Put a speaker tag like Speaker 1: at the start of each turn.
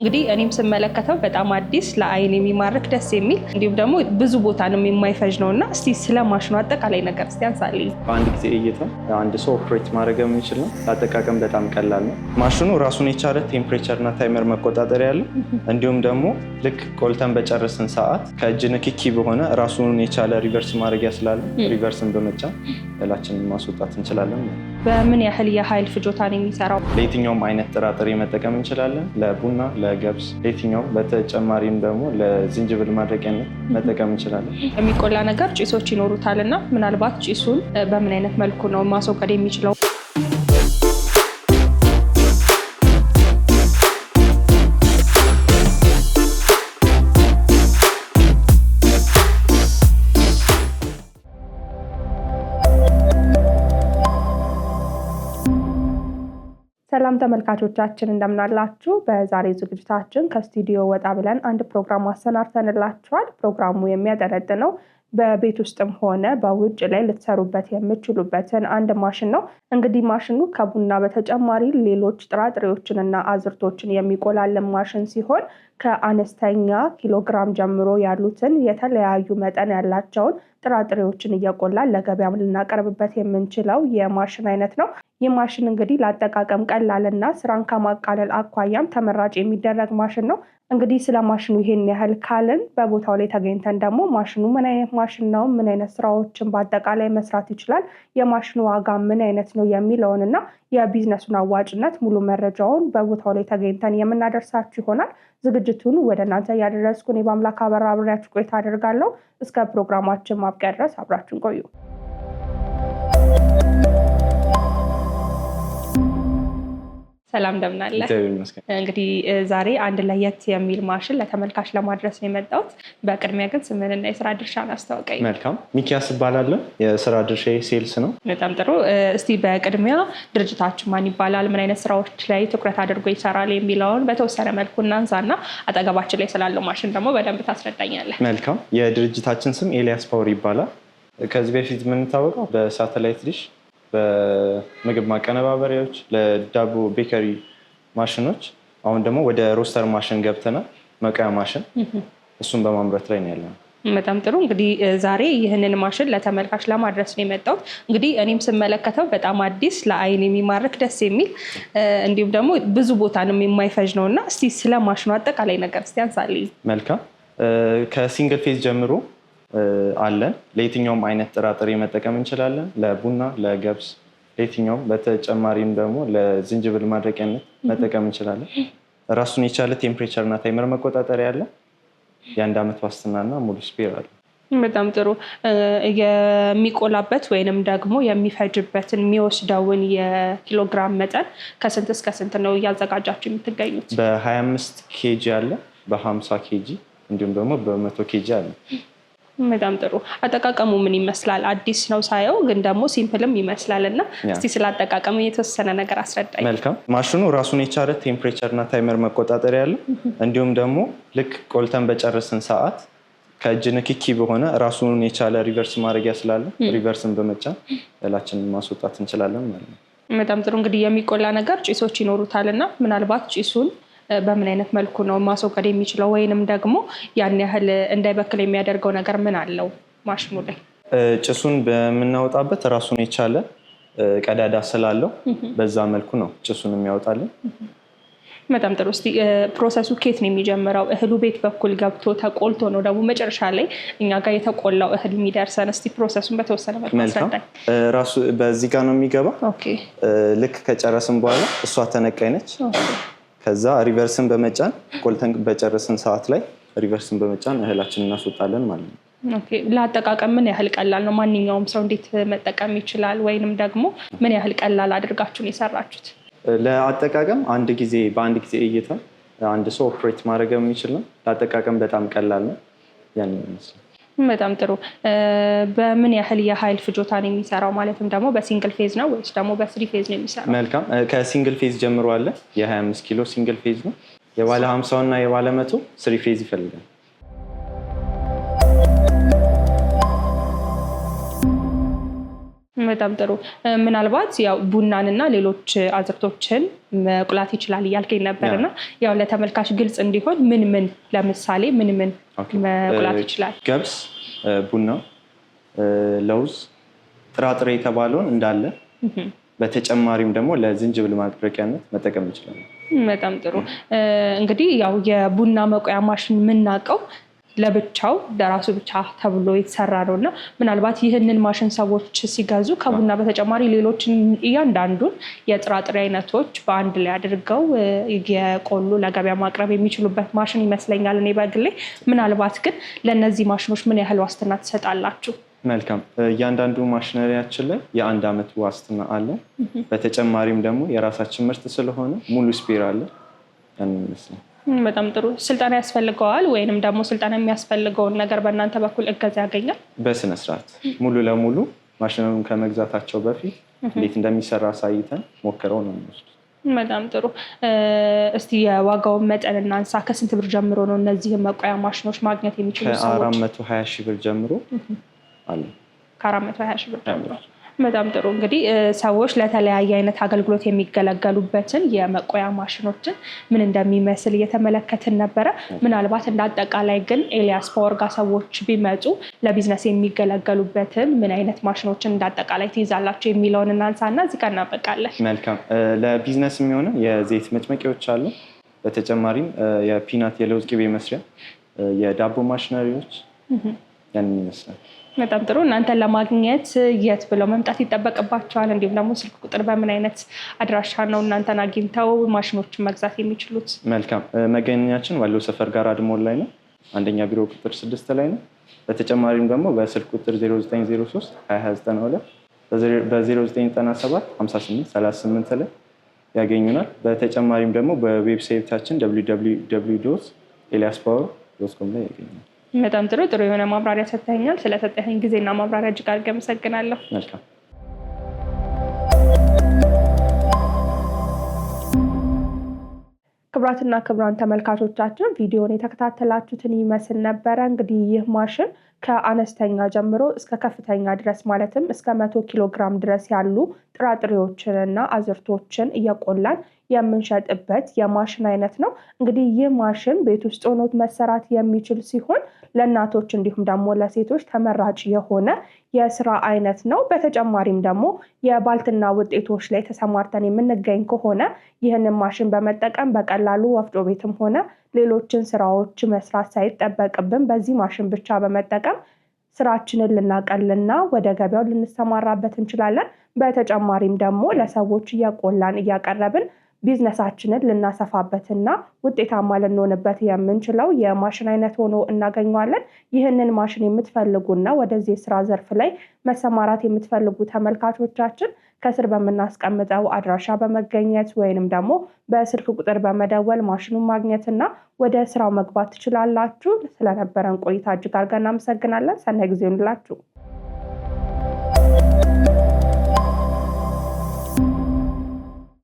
Speaker 1: እንግዲህ እኔም ስመለከተው በጣም አዲስ ለአይን የሚማርክ ደስ የሚል እንዲሁም ደግሞ ብዙ ቦታንም የማይፈጅ ነው እና እስቲ ስለ ማሽኑ አጠቃላይ ነገር እስቲ አንሳልኝ።
Speaker 2: በአንድ ጊዜ እይታ አንድ ሰው ኦፕሬት ማድረግ የሚችል ነው። ለአጠቃቀም በጣም ቀላል ነው። ማሽኑ ራሱን የቻለ ቴምፕሬቸር እና ታይመር መቆጣጠሪያ ያለው እንዲሁም ደግሞ ልክ ቆልተን በጨረስን ሰዓት ከእጅ ንክኪ በሆነ ራሱን የቻለ ሪቨርስ ማድረጊያ ስላለ ሪቨርስን በመጫን እላችንን ማስወጣት እንችላለን።
Speaker 1: በምን ያህል የኃይል ፍጆታ ነው የሚሰራው?
Speaker 2: ለየትኛውም አይነት ጥራጥሬ መጠቀም እንችላለን። ለቡና፣ ለገብስ፣ ለየትኛው በተጨማሪም ደግሞ ለዝንጅብል ማድረቂያነት መጠቀም እንችላለን።
Speaker 1: የሚቆላ ነገር ጭሶች ይኖሩታል እና ምናልባት ጭሱን በምን አይነት መልኩ ነው ማስወገድ የሚችለው? ሰላም ተመልካቾቻችን እንደምናላችሁ። በዛሬ ዝግጅታችን ከስቱዲዮ ወጣ ብለን አንድ ፕሮግራም አሰናድተንላችኋል። ፕሮግራሙ የሚያጠነጥነው በቤት ውስጥም ሆነ በውጭ ላይ ልትሰሩበት የምችሉበትን አንድ ማሽን ነው። እንግዲህ ማሽኑ ከቡና በተጨማሪ ሌሎች ጥራጥሬዎችንና አዝርቶችን የሚቆላልን ማሽን ሲሆን ከአነስተኛ ኪሎግራም ጀምሮ ያሉትን የተለያዩ መጠን ያላቸውን ጥራጥሬዎችን እየቆላን ለገበያም ልናቀርብበት የምንችለው የማሽን አይነት ነው። ይህ ማሽን እንግዲህ ለአጠቃቀም ቀላልና ስራን ከማቃለል አኳያም ተመራጭ የሚደረግ ማሽን ነው። እንግዲህ ስለ ማሽኑ ይሄን ያህል ካልን በቦታው ላይ ተገኝተን ደግሞ ማሽኑ ምን አይነት ማሽን ነው፣ ምን አይነት ስራዎችን በአጠቃላይ መስራት ይችላል፣ የማሽኑ ዋጋ ምን አይነት ነው የሚለውን እና የቢዝነሱን አዋጭነት ሙሉ መረጃውን በቦታው ላይ ተገኝተን የምናደርሳችሁ ይሆናል ዝግጅ ዝግጅቱን ወደ እናንተ ያደረስኩን የማምላክ አበራ አብሬያችሁ ቆይታ አደርጋለሁ። እስከ ፕሮግራማችን ማብቂያ ድረስ አብራችን ቆዩ። ሰላም እንግዲህ ዛሬ አንድ ለየት የሚል ማሽን ለተመልካች ለማድረስ ነው የመጣውት በቅድሚያ ግን ስምንና የስራ ድርሻን አስታወቀኝ
Speaker 3: መልካም፣ ሚኪያስ ይባላለ የስራ ድርሻ ሴልስ ነው።
Speaker 1: በጣም ጥሩ። እስቲ በቅድሚያ ድርጅታችሁ ማን ይባላል፣ ምን አይነት ስራዎች ላይ ትኩረት አድርጎ ይሰራል የሚለውን በተወሰነ መልኩ ና አጠገባችን ላይ ስላለው ማሽን ደግሞ በደንብ ታስረዳኛለ
Speaker 3: መልካም። የድርጅታችን ስም ኤልያስ ፓወር ይባላል። ከዚህ በፊት የምንታወቀው በሳተላይት ዲሽ በምግብ ማቀነባበሪያዎች፣ ለዳቦ ቤከሪ ማሽኖች፣ አሁን ደግሞ ወደ ሮስተር ማሽን ገብተናል፣ መቀያ ማሽን እሱን በማምረት ላይ ነው ያለነው።
Speaker 1: በጣም ጥሩ እንግዲህ ዛሬ ይህንን ማሽን ለተመልካች ለማድረስ ነው የመጣሁት። እንግዲህ እኔም ስመለከተው በጣም አዲስ ለአይን የሚማርክ ደስ የሚል እንዲሁም ደግሞ ብዙ ቦታንም የማይፈጅ ነው እና እስቲ ስለ ማሽኑ አጠቃላይ ነገር እስቲ አንሳልኝ።
Speaker 3: መልካም ከሲንግል ፌዝ ጀምሮ አለን። ለየትኛውም አይነት ጥራጥሬ መጠቀም እንችላለን። ለቡና፣ ለገብስ፣ ለየትኛውም በተጨማሪም ደግሞ ለዝንጅብል ማድረቂያነት መጠቀም እንችላለን። ራሱን የቻለ ቴምፕሬቸር እና ታይመር መቆጣጠሪያ አለ። የአንድ ዓመት እና ሙሉ ስፔር አለ።
Speaker 1: በጣም ጥሩ። የሚቆላበት ወይንም ደግሞ የሚፈጅበትን የሚወስደውን የኪሎግራም መጠን ከስንት እስከ ስንት ነው እያዘጋጃችሁ የምትገኙት?
Speaker 3: በ25 ኬጂ አለ፣ በ50 ኬጂ እንዲሁም ደግሞ በመቶ ኬጂ አለ።
Speaker 1: በጣም ጥሩ አጠቃቀሙ ምን ይመስላል? አዲስ ነው ሳየው፣ ግን ደግሞ ሲምፕልም ይመስላል እና እስቲ ስለ አጠቃቀሙ የተወሰነ ነገር አስረዳኝ።
Speaker 3: መልካም። ማሽኑ ራሱን የቻለ ቴምፕሬቸር እና ታይመር መቆጣጠሪያ ያለው እንዲሁም ደግሞ ልክ ቆልተን በጨረስን ሰዓት ከእጅ ንክኪ በሆነ ራሱን የቻለ ሪቨርስ ማድረጊያ ስላለ ሪቨርስን በመጫን እላችንን ማስወጣት እንችላለን ማለት ነው።
Speaker 1: በጣም ጥሩ እንግዲህ የሚቆላ ነገር ጭሶች ይኖሩታል እና ምናልባት ጭሱን በምን አይነት መልኩ ነው ማስወገድ የሚችለው ወይንም ደግሞ ያን ያህል እንዳይበክል የሚያደርገው ነገር ምን አለው ማሽኑ ላይ?
Speaker 3: ጭሱን በምናወጣበት ራሱን የቻለ ቀዳዳ ስላለው በዛ መልኩ ነው ጭሱን የሚያወጣልን።
Speaker 1: በጣም ጥሩ። እስኪ ፕሮሰሱ ኬት ነው የሚጀምረው? እህሉ ቤት በኩል ገብቶ ተቆልቶ ነው ደግሞ መጨረሻ ላይ እኛ ጋር የተቆላው እህል የሚደርሰን? እስኪ ፕሮሰሱን በተወሰነ
Speaker 3: መልኩ ራሱ በዚህ ጋር ነው የሚገባ። ልክ ከጨረስን በኋላ እሷ ተነቃይ ነች። ከዛ ሪቨርስን በመጫን ቆልተን በጨረስን ሰዓት ላይ ሪቨርስን በመጫን እህላችን እናስወጣለን ማለት ነው።
Speaker 1: ለአጠቃቀም ምን ያህል ቀላል ነው? ማንኛውም ሰው እንዴት መጠቀም ይችላል? ወይንም ደግሞ ምን ያህል ቀላል አድርጋችሁን የሰራችሁት?
Speaker 2: ለአጠቃቀም አንድ ጊዜ በአንድ ጊዜ እይታ አንድ ሰው ኦፕሬት ማድረግ የሚችል ነው። ለአጠቃቀም በጣም ቀላል ነው። ያን
Speaker 1: ይመስላል። በጣም ጥሩ። በምን ያህል የኃይል ፍጆታ ነው የሚሰራው? ማለትም ደግሞ በሲንግል ፌዝ ነው ወይስ ደግሞ በስሪ ፌዝ ነው የሚሰራው?
Speaker 3: መልካም። ከሲንግል ፌዝ ጀምሮ አለ። የ25 ኪሎ ሲንግል ፌዝ ነው። የባለ 50 እና የባለ መቶ ስሪ ፌዝ ይፈልጋል።
Speaker 1: በጣም ጥሩ። ምናልባት ያው ቡናንና ሌሎች አዝርቶችን መቁላት ይችላል እያልከኝ ነበር እና ያው ለተመልካች ግልጽ እንዲሆን ምን ምን ለምሳሌ ምን ምን መቁላት ይችላል?
Speaker 3: ገብስ፣ ቡና፣ ለውዝ፣ ጥራጥሬ የተባለውን እንዳለ በተጨማሪም ደግሞ ለዝንጅብል ማድረቂያነት መጠቀም ይችላል።
Speaker 1: በጣም ጥሩ እንግዲህ ያው የቡና መቆያ ማሽን የምናውቀው ለብቻው ለራሱ ብቻ ተብሎ የተሰራ ነው እና ምናልባት ይህንን ማሽን ሰዎች ሲገዙ ከቡና በተጨማሪ ሌሎችን እያንዳንዱን የጥራጥሬ አይነቶች በአንድ ላይ አድርገው የቆሉ ለገበያ ማቅረብ የሚችሉበት ማሽን ይመስለኛል እኔ በግሌ። ምናልባት ግን ለእነዚህ ማሽኖች ምን ያህል ዋስትና ትሰጣላችሁ?
Speaker 3: መልካም። እያንዳንዱ ማሽነሪያችን ላይ የአንድ ዓመት ዋስትና አለ። በተጨማሪም ደግሞ የራሳችን ምርት ስለሆነ ሙሉ ስፒር አለ። ያን
Speaker 1: ይመስላል። በጣም ጥሩ ስልጠና ያስፈልገዋል ወይንም ደግሞ ስልጠና የሚያስፈልገውን ነገር በእናንተ በኩል እገዛ ያገኛል።
Speaker 3: በስነስርዓት ሙሉ ለሙሉ ማሽኑን ከመግዛታቸው በፊት እንዴት እንደሚሰራ አሳይተን ሞክረው ነው የሚወስዱት።
Speaker 1: በጣም ጥሩ። እስቲ የዋጋውን መጠን እናንሳ። ከስንት ብር ጀምሮ ነው እነዚህን መቆያ ማሽኖች ማግኘት የሚችሉ ሰዎች?
Speaker 3: ከአራት መቶ ሀያ ሺህ ብር ጀምሮ አለ።
Speaker 1: ከአራት መቶ ሀያ ሺህ ብር ጀምሮ በጣም ጥሩ እንግዲህ ሰዎች ለተለያየ አይነት አገልግሎት የሚገለገሉበትን የመቆያ ማሽኖችን ምን እንደሚመስል እየተመለከትን ነበረ። ምናልባት እንደ አጠቃላይ ግን ኤልያስ ፓወርጋ ሰዎች ቢመጡ ለቢዝነስ የሚገለገሉበትን ምን አይነት ማሽኖችን እንደ አጠቃላይ ትይዛላቸው የሚለውን እናንሳ ና እዚጋ እናበቃለን።
Speaker 3: መልካም። ለቢዝነስ የሚሆነ የዘይት መጭመቂዎች አሉ። በተጨማሪም የፒናት የለውዝ ቅቤ መስሪያ፣ የዳቦ ማሽነሪዎች
Speaker 1: ያንን ይመስላል። በጣም ጥሩ። እናንተን ለማግኘት የት ብለው መምጣት ይጠበቅባቸዋል? እንዲሁም ደግሞ ስልክ ቁጥር በምን አይነት አድራሻ ነው እናንተን አግኝተው ማሽኖችን መግዛት የሚችሉት?
Speaker 3: መልካም። መገኛችን ዋለው ሰፈር ጋር አድሞን ላይ ነው። አንደኛ ቢሮ ቁጥር ስድስት ላይ ነው። በተጨማሪም ደግሞ በስልክ ቁጥር 0903 በ0997 ላይ ያገኙናል። በተጨማሪም ደግሞ በዌብሳይታችን ኤልያስ ፓወር ዶት ኮም ላይ ያገኙናል።
Speaker 1: በጣም ጥሩ ጥሩ የሆነ ማብራሪያ ሰጥተኸኛል። ስለሰጠኝ ጊዜና ማብራሪያ እጅግ አድርጌ አመሰግናለሁ። ክብራትና ክብራን ተመልካቾቻችን ቪዲዮን የተከታተላችሁትን ይመስል ነበረ። እንግዲህ ይህ ማሽን ከአነስተኛ ጀምሮ እስከ ከፍተኛ ድረስ ማለትም እስከ መቶ ኪሎ ግራም ድረስ ያሉ ጥራጥሬዎችንና አዝርቶችን እየቆላን የምንሸጥበት የማሽን አይነት ነው። እንግዲህ ይህ ማሽን ቤት ውስጥ ሆኖ መሰራት የሚችል ሲሆን ለእናቶች እንዲሁም ደግሞ ለሴቶች ተመራጭ የሆነ የስራ አይነት ነው። በተጨማሪም ደግሞ የባልትና ውጤቶች ላይ ተሰማርተን የምንገኝ ከሆነ ይህንን ማሽን በመጠቀም በቀላሉ ወፍጮ ቤትም ሆነ ሌሎችን ስራዎች መስራት ሳይጠበቅብን በዚህ ማሽን ብቻ በመጠቀም ስራችንን ልናቀልና ወደ ገበያው ልንሰማራበት እንችላለን። በተጨማሪም ደግሞ ለሰዎች እያቆላን እያቀረብን ቢዝነሳችንን ልናሰፋበትና ውጤታማ ልንሆንበት የምንችለው የማሽን አይነት ሆኖ እናገኘዋለን። ይህንን ማሽን የምትፈልጉና ወደዚህ የስራ ዘርፍ ላይ መሰማራት የምትፈልጉ ተመልካቾቻችን ከስር በምናስቀምጠው አድራሻ በመገኘት ወይንም ደግሞ በስልክ ቁጥር በመደወል ማሽኑን ማግኘትና ወደ ስራው መግባት ትችላላችሁ። ስለነበረን ቆይታ እጅግ አድርገን እናመሰግናለን። ሰናይ ጊዜ ይሁንላችሁ።